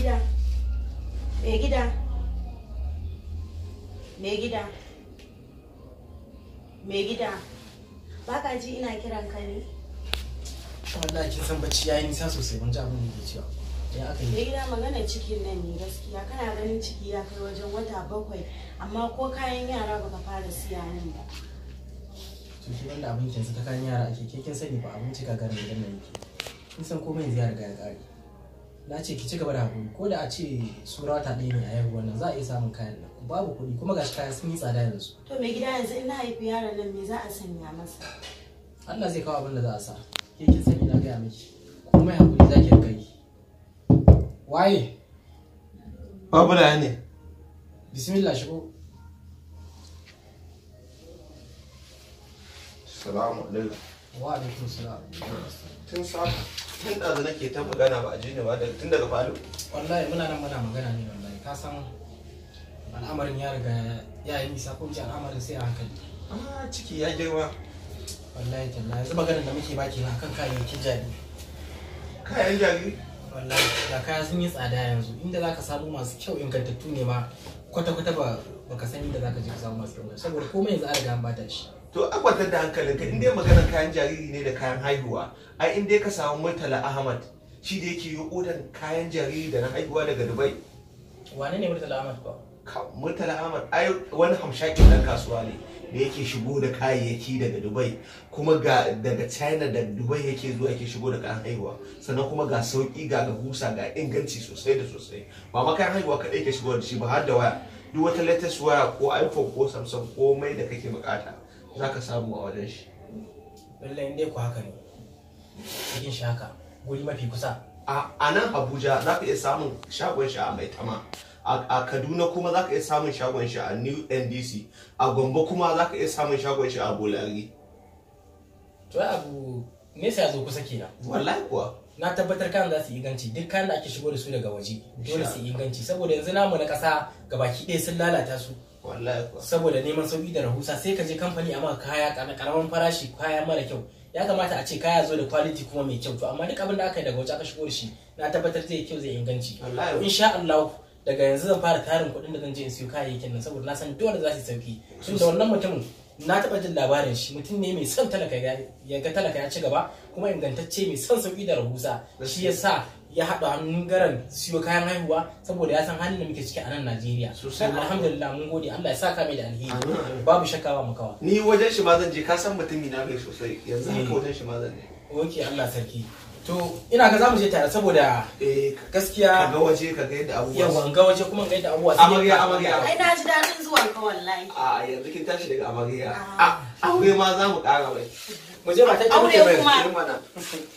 gida mai gida mai gida mai gida baka ji ina kiran ka ne wallahi kin san bacci yayi nisa sosai ban ji abin da yake cewa ya aka yi gida magana cikin nan ne gaskiya kana ganin ciki ya kai wajen wata bakwai amma ko kayan yara baka fara siya nan ba to shi wanda abin kin ta kayan yara ake ke kin sani ba abinci ka garin gidan nan yake kin san komai zai riga ya kare na ce ki ci gaba da hakuri ko da a ce sura ta ɗaya ne a yau wannan za a iya samun kayan nan babu kuɗi kuma gashi kayan sun yi tsada yanzu to mai gida yanzu in na haifi yaron nan me za a sanya masa Allah zai kawo abin da za a sa ke kin sani na gaya miki komai hakuri za ki rika yi waye babu da ne bismillah shigo salamu alaikum wa alaikum salam tun sa'a tun ɗazu nake ta magana ba a ji ne ba tun daga falo wallahi muna nan muna magana ne wallahi ka san al'amarin ya riga ya yi nisa ko ce al'amarin sai a hankali ah ciki ya girma wallahi tallahi yanzu maganar da muke baki na kan kayayyakin jari kayan jabi? wallahi da kaya sun yi tsada yanzu inda za ka samu masu kyau ingantattu ne ma kwata-kwata ba ka sani da za ka je ka samu masu kyau saboda komai yanzu an riga an bata shi to a kwantar da hankalinka in dai maganar kayan jariri ne da kayan haihuwa ai in dai ka samu murtala ahmad shi da yake yi odan kayan jariri da na haihuwa daga dubai wane ne murtala ahmad ba murtala ahmad ai wani hamshakin dan kasuwa ne da yake shigo da kayayyaki daga dubai kuma ga daga china da dubai yake zuwa yake shigo da kayan haihuwa sannan kuma ga sauki ga ga husa ga inganci sosai da sosai ba ma kayan haihuwa kaɗai ke shigo da shi ba har da waya duk wata latest waya ko iphone ko samsung ko mai da kake bukata za ka samu a wajen shi lallai ne ku haka ne cikin shaka guri mafi kusa a nan abuja za ka iya samun shagon shi a maitama a kaduna kuma za ka iya samun shagon shi a new ndc a gombe kuma za ka iya samun shagon shi a bolari to abu nesa ya zo kusa kina wallahi kuwa na tabbatar kan za su inganci duk kan da ake shigo da su daga waje dole su inganci saboda yanzu namu na kasa gabaki ɗaya sun lalata su saboda neman sauki da rahusa sai ka je kamfani amma kaya karamin farashi kaya mara kyau ya kamata a ce kaya zo da quality kuma mai kyau to amma duk abin da aka yi daga waje aka shigo da shi na tabbatar zai kyau zai inganci insha Allah daga yanzu zan fara tarin kuɗin da zan je in siyo kayayyakin nan saboda na san dole za su sauki tun da wannan mutumin na taɓa jin labarin shi mutum ne mai son talaka ya ga talaka ya ci gaba kuma ingantacce mai son sauki da rahusa shi ya sa ya haɗa hannun garan siyo kayan haihuwa saboda ya san halin da muke ciki a nan Najeriya. Sosai alhamdulillah mun gode Allah ya sa ka mai da alheri. Babu shakka ba makawa. Ni wajen shi ma zan je ka san mutumi na bai sosai yanzu haka eh. wajen shi ma zan je. Oke Allah sarki. to ina ga zamu je tare saboda eh, gaskiya ka ga waje ka ga yadda abubuwa yawa ga waje kuma ga yadda abubuwa amarya amarya ai na ji dadin zuwa ka wallahi a yanzu kin tashi daga amarya a ah. ah, aure ma zamu kara mai mu je ba ta kuma